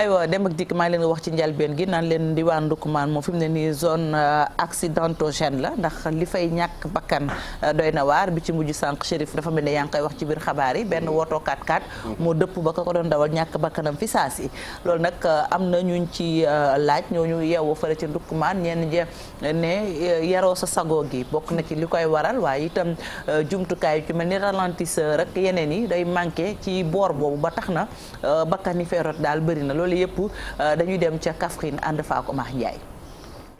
aywa dem ak dikk maa ngi leen wax ci njalbeen gi naan leen diwaan Ndoukoumane moom fi mu ne nii zone euh, accidentogène la ndax li fay ñàkk bakkan euh, doy na waar bi ci mujj sànq Chérif dafa mel ne yaa ngi koy wax ci biir xabaar yi benn woto kaat x moo dëpp ba ko doon dawal ñàkk bakkanam fi si loolu nag euh, am na ñuñ ci laaj ñu yeewoo fële ci Ndoukoumane ñenn ñi ne yaroo sa sago gi bokk na ci li koy waral waaye itam jumtukaay yu ci mel ni ralentisseur ak yeneen yi day manqué ci boor boobu ba tax na bakkan yi fee loolu yëpp euh, dañuy dem ca Kaffrine ànd fa ak Omar Ndiaye.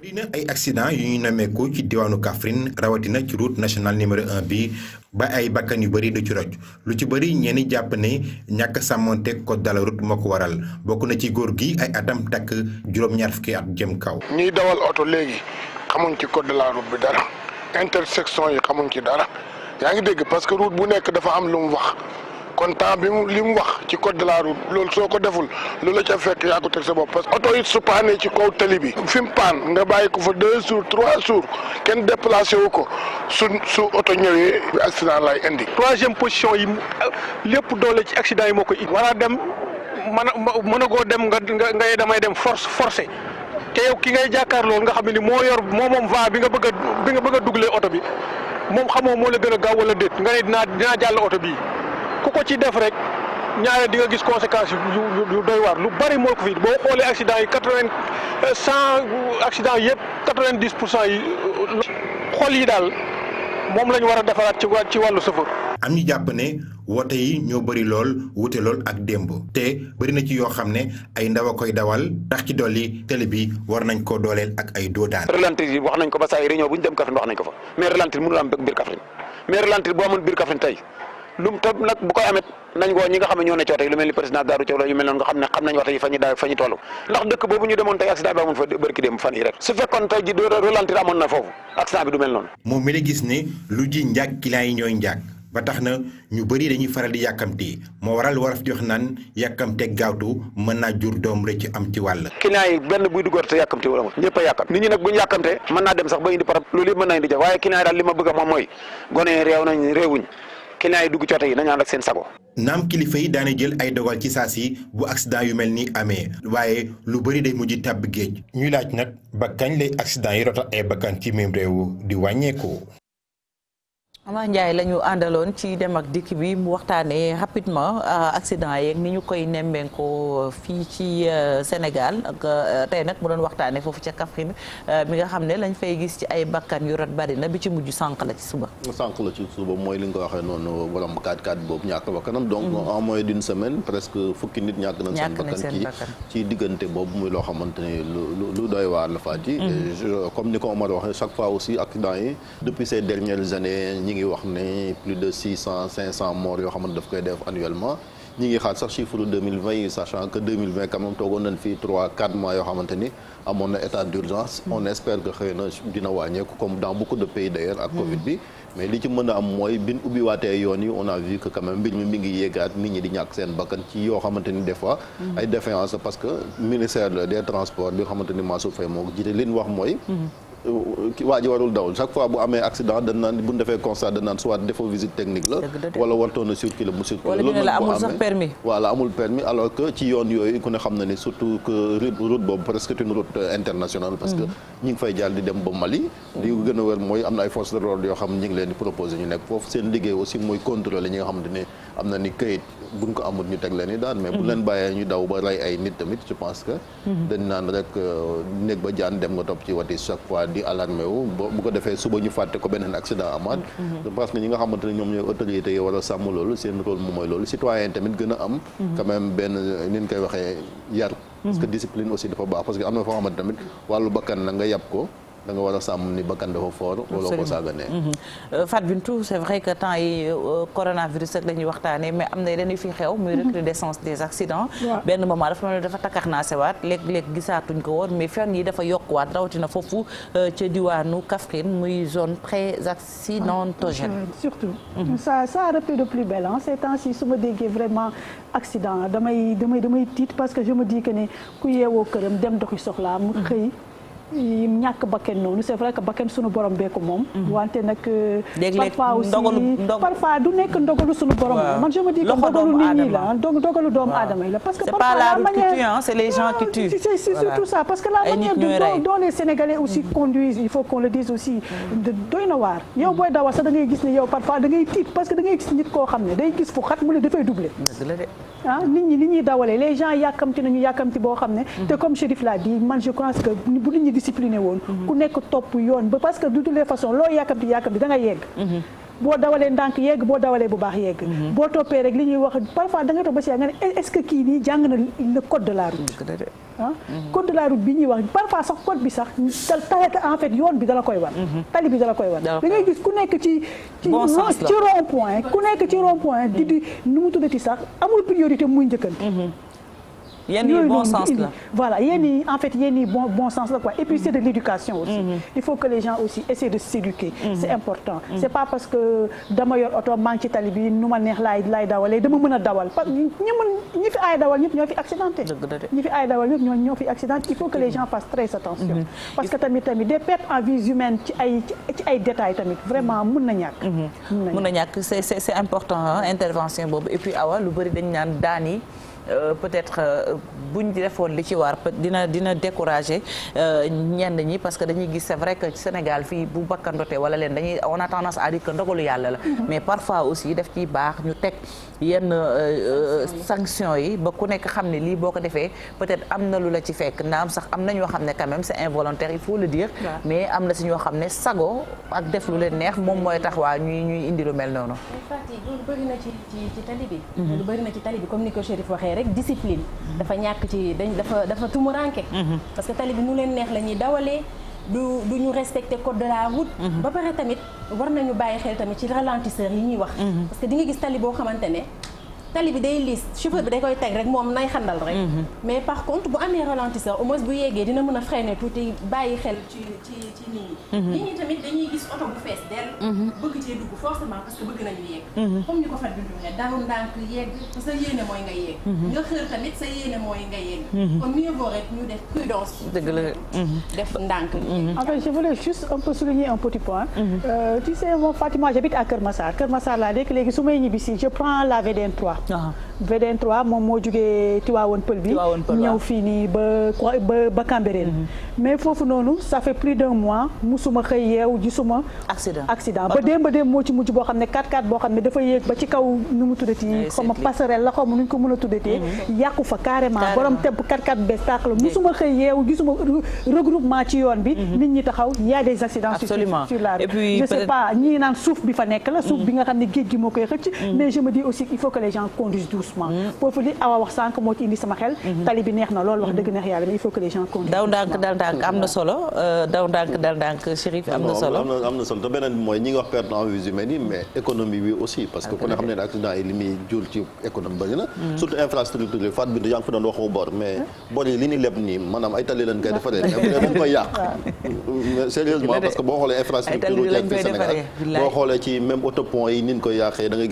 bëri ay accident yu ñu nemmeeku ci diwaanu Kaffrine rawatina ci route nationale numéro 1 bi ba ay bakkan yu bëri du ci roj lu ci bëri ñenn jàpp ne ñàkk sàmmonte code de la route moo ko waral bokk na ci góor gi ay atam takk juróom-ñaar fukki at jëm kaw. ñiy dawal oto léegi xamuñ ci code de la route bi dara intersection yi xamuñ ci dara yaa ngi dégg parce que route bu nekk dafa am lu wax. kon temps bi mu li mu wax ci code de la route loolu soo ko deful loolu la ca fekk yaa ko teg sa bopp parce que oto it su paanee ci kaw tali bi fi mu paan nga bàyyi ko fa deux jours trois jours kenn déplacé wu ko su su oto ñëwee bi accident lay indi. troisième position yi lépp doole ci accident yi moo ko it war a dem mën a mën a goo dem nga nga ngay damay dem force forcé te ki ngay jàkkaar loolu nga xam ne ni moo yor moo moom va bi nga bëgg a bi nga bëgg a dugalee oto bi moom xamoo moo la gën a gaaw wala nga ne dinaa dinaa oto bii. ku ko ci def rek ñaare di nga gis conséquences yu doy waar lu bari moo ko fi boo xoolee accident yi quatre vingt euh, cent accident yëpp quatre vingt dix pour cent yi euh, xol yi daal moom lañu ñu war a defaraat ci ci wàllu sëfër. am ñu jàpp ne woote yi ñoo bëri lool wute lool ak démb. te bëri na ci yoo xam ne ay ndaw a koy dawal ndax ci dolli télé bi war nañ ko dooleel ak ay doodaan. relantir yi wax nañ ko ba saa yi réunion bu ñu dem Kaffrine wax nañ ko fa mais relantir mënul am mbir Kaffrine mais relantir boo amoon biir Kaffrine tey. lum te nag bu koy amit nañ woo ñi nga xam ne ñoo ne coote lu mel ni président Darou Thiaw la ñu mel noonu nga xam ne xam nañ waxte yi fa ñu daaw fa ñu toll ndax dëkk boobu ñu demoon tey accident bi amoon mel noonu moom mi la gis ne lu ji njàkk client yi ñooy njàkk ba tax na ñu bëri dañuy faral di yàkkamti moo waral waraf jox naan yàkkamte gaawtu mën naa jur doom rek ci am ci wàll client yi benn buy duggoor a yàkkam nit ñi nag bu ñu yàkkamte mën naa dem sax ba indi parab loolu yëpp mën na indi jax client yi dugg ci oto yi nañu ànd ak seen sago. naam kilifa yi daane jël ay dogal ci saa si bu accident yu mel ni amee waaye lu bëri day mujj tàbb géej. ñuy laaj nag ba kañ lay accident yi rotal ay bakkan ci même réew di wàññeeku. Amar Ndiaye la ñu àndaloon ci dem ak dikk bi mu waxtaanee rapidement euh, accident yeeg ni ñu koy nemmeekoo euh, fii ci euh, Sénégal tey nag mu doon waxtaanee foofu ca Kaffrine mi nga xam ne lañ fay gis ci ay bakkan yu rot bari na bi ci mujj sànq la ci suba. sànq la ci suba mooy li nga ko waxee noonu borom 4-4 boobu ñàkk bakkanam donc mm-hmm. en moins d'une semaine presque fukki nit ñàkk nañ seen bakkan ci diggante boobu muy loo xamante lu lu doy waar la fàcc. Mm-hmm. comme ni ko Omar waxee ngi wax ne plus de six cent cinq cent morts yoo xamante daf koy def annuellement ñi ngi xaar sax chiffre 2020 yi sachant que 2020 quand même toogoon mois yoo xamante amoon na état d'urgence on espère que xëy na dina wàññeeku comme dans beaucoup de pays d'ailleurs ak Covid bi mais li ci mën a am mooy bin ubbiwaatee yoon yi on a vu que quand mbir mi mi ngi yéegaat nit ñi di ñàkk seen bakkan ci yoo xamante ni ay défaillance parce que ministère des transports waa ji warul dawul chaque fois bu amee accident dañ bu ñu defee constat dañ soit défaut visite technique la. wala wartoon na circuler mu circuler. la amul surtout boobu presque une route euh, internationale. parce que mhm. ñi ngi fay jàll di dem ba Mali. li gën a wér mooy am na ay forces de l'ordre yoo xam ñi leen di proposer ñu nekk foofu seen liggéey aussi mooy contrôler ñi nga xamante ne am na ni këyit buñ ko amul ñu teg leen ni daan. mais bu mhm. leen bàyyee ñu daw di alarmé bu ko defee suba ñu fàtte ko beneen accident amaat mm-hmm. je pense que ñi nga xamante ñoom ñooy autorités yi war a sàmm loolu seen rôle moom mooy loolu citoyen tamit gën a am mm-hmm. quand même benn ni koy waxee yar parce mm-hmm. discipline aussi dafa baax parce am na foo xamante tamit wàllu bakkan la nga yàpp ko da nga war a sàmm ni bakkan dafa foor wala ko saaganee mhm. euh, Fat Bintou c'est vrai que temps yi euh, coronavirus rek la mais am na yeneen yu fi xew muy mhm. recrudescence des accidents benn moment dafa mel ne dafa takkax naa sewaat léeg-léeg gisaatuñ ko woon mais fenn yi dafa yokkuwaat rawatina foofu euh, ca diwaanu Kaffrine muy zone très accidentogène surtout mhm. ça ça a repris de plus belle ah temps-ci su ma déggee vraiment accident damay damay damay tiit parce que je me dis que ne ku kër am dem doxi soxla mu xëy yim ñàkk bakken noonu c'est vrai que bakken suñu borom bee ko moom mhm. wante nag euh, parfois aussi parfois du nekk ndogalu suñu borom man je me dis que ndogalu nit ñi la ndogalu doomu aadama yi la parce que parfois la manière c'est les gens qui tuent c'est surtout ça parce que la manière de dont les sénégalais aussi mhm. conduisent il faut qu'on le dise aussi mhm. doy na waar yow booy dawal sax da ngay gis ne yow parfois da ngay tiit parce que da ngay gis nit koo xam ne day gis fu xat mu ne dafay doublé ah nit ñi li ñuy dawalee les gens yàkkamti nañu yàkkamti boo xam ne te comme Chérif l'a dit man je pense que discipliné woon mhm. ku nekk topp yoon ba parce que de toutes les façons loo yàkkamti yàkkamti da yegg mhm. boo dawalee ndànk yegg boo dawalee bu baax yegg mhm. boo toppee rek li ñuy wax parfois da ngay ba si nga ne eh, est kii nii jàng na le code de la code de la ah? bi ñuy wax parfois sax code bi sax talet en fait yoon bi dala koy war tali bi dala koy war da ngay gis ku nekk ci ci rond ku nekk ci rond di di nu mu tuddati sax amul yenn yi bon sens la voilà yenn yi en fait yenn yi bon bon sens la quoi et puis mm-hmm. c'est de l'éducation aussi mm-hmm. il faut que les gens aussi essaient de s'éduquer mm-hmm. c'est important c'est pas parce que dama yor oto ci tali nu ma neex laay laay dawalee dama mën a dawal parce que ñi fi aay dawal ñëpp ñoo fi accidenté ñi fi aay dawal ñëpp ñoo ñoo fi accidenté il faut que les gens fassent très attention parce que tamit tamit des pertes en humaines ci ay ci tamit vraiment mën na ñàkk mën na ñàkk c'est c'est important hein, intervention boobu et puis awa naan daan Euh, peut-être euh, buñ defoon li ci war dina dina décourager euh, ñenn ñi parce que dañuy gis c'est vrai que Sénégal fii bu bakkan doote wala leen dañuy on a tendance à dire que ndogalu yàlla la. Mm-hmm. mais parfois aussi daf ciy baax ñu teg yenn sanctions yi ba ku nekk xam ne lii boo ko defee peut-être am na lu la ci fekk am sax am na ñoo xam ne quand même c'est involontaire il faut le dire. mais am na si ñoo xam ne sago ak def lu leen neex moom mooy tax waa ñuy ñuy indi lu mel noonu. rek discipline. dafa ñàkk ci dañ dafa dafa tumuranke mhm. parce que tali bi nu leen neex la ñuy dawalee. du du ñu respecté code de la route. Mhm. ba pare tamit war nañu bàyyi xel tamit ci ralentisseur yi ñuy wax. Mhm. parce que di nga gis tali boo xamante ne. tali bi day liis chauffeur bi day koy teg rek moom nay xandal rek. Mhm. mais par contre bu amee ralentisseur au moins bu yeggee dina mën a freiner tuuti bàyyi xel ci ci ci nit mhm. tamit dañuy gis oto bu fees dell. Mhm. bëgg cee dugg forcément parce que bëgg nañu yegg. comme ni ko fat bi ne daru ndànk yegg sa yéene mooy nga yegg. nga xër tamit sa yéene mooy nga yegg. kon mieux vaut rek ñu def prudence. dëgg la def ndànk. en fait je voulais juste un peu souligner un petit point. Euh, tu sais moi Fatima j'habite à Kër Massar la VDN Aha. VDN 3 moom moo jugee Tiwaawoon Pël bi ñëw fii nii ba ba ba Cambérène mhm. mais foofu noonu ça fait plus d'un mois musuma xëy yeew gisuma accident accident ba démb ba démb moo ci mujj boo xam ne 4 x boo xam ne dafa yéeg ba ci kaw nu mu tuddati xaw ma passerelle la xaw ma nu ñu ko mën a tuddatee mhm. yàqu fa carrément borom temp 4x4 bees tàq la musuma xëy yeew gisuma regroupement ci yoon bi mhm. nit ñi taxaw y a des accidents absolument sur je sais pas ñii naan suuf nekk la suuf bi nga xam ne moo koy doucement foofu li awa wax sànq moo ci indi sama xel mhm. tali bi neex na lool wax dëgg mhm. neex yàlla mais daw ndànk dal ndànk am na solo te beneen mooy ñi nga wax perte en vies mais économie bi aussi parce que ku xam ne ne accident yi li muy jur ci économie bëri mhm. surtout infrastructure faat bi yaa ngi doon waxu bor mais bor yi li ñu leb nii maanaam ay tali lañ koy defaree mais moom koy yàq sérieusement parce que boo xoolee infrastructure yi ni koy yàqee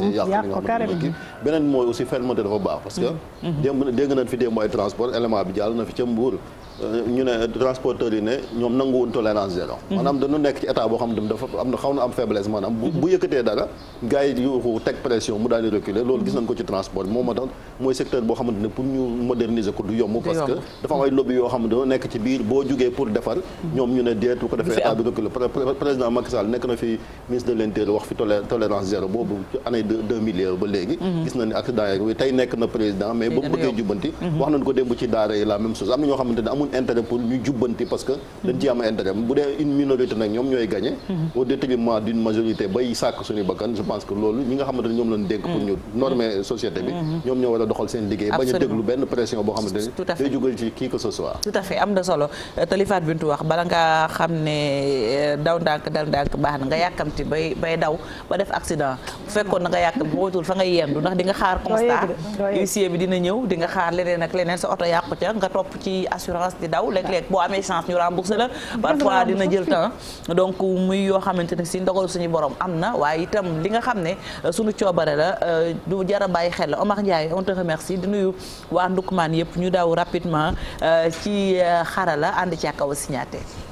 commencé mmh, beneen mooy aussi fermeté dafa baax parce que mmh, mmh. démb dégg nañ fi démb ay transport élément bi jàll na fi ca Mbour euh, ñu ne transporteurs yi ne ñoom nanguwuñ tolérance zéro maanaam dañu nekk ci état boo xam ne dafa xaw na am faiblesse maanaam bu yëkkatee dara gars yi yuuxu teg pression mu daal reculer loolu gis nañ ko ci transport moom ma tax mooy secteur boo xamante ne pour ñu moderniser ko du yomb parce que dafa am lobby yoo xam nekk ci biir boo jugee deux milliards ba léegi mhm. gis na ni accident yeeg tey nekk na président mais ba mu jubbanti mhm. wax nañ ko démb ci daara yi la même chose am na ñoo xamante ne amul intérêt pour ñu jubbanti parce que dañ mhm. ci am intérêt bu dee une minorité nag ñoom ñooy gagné au détriment d'une majorité bay sàkk suñu bakkan je pense que loolu ñi nga xamante ñoom lañ dénk pour ñu normer société bi ñoom ñoo war doxal seen liggéey bañ déglu benn pression boo xamante nga yàq boo moytuwul fa nga yendu ndax di nga xaar constat huissier bi dina ñëw di nga xaar leneen ak leneen sa oto yàqu ca nga topp ci assurance di daw léeg-léeg boo amee chance ñu remboursé la parfois dina jël temps donc muy yoo xamante ne si ndogalu suñu borom am na waaye itam li nga xam ne euh, suñu coobare la euh, du jar a bàyyi xel la Omar Ndiaye on te remercie di nuyu waa Ndukmaan yëpp ñu daw rapidement euh, ci xarala ànd ci ak aw signaté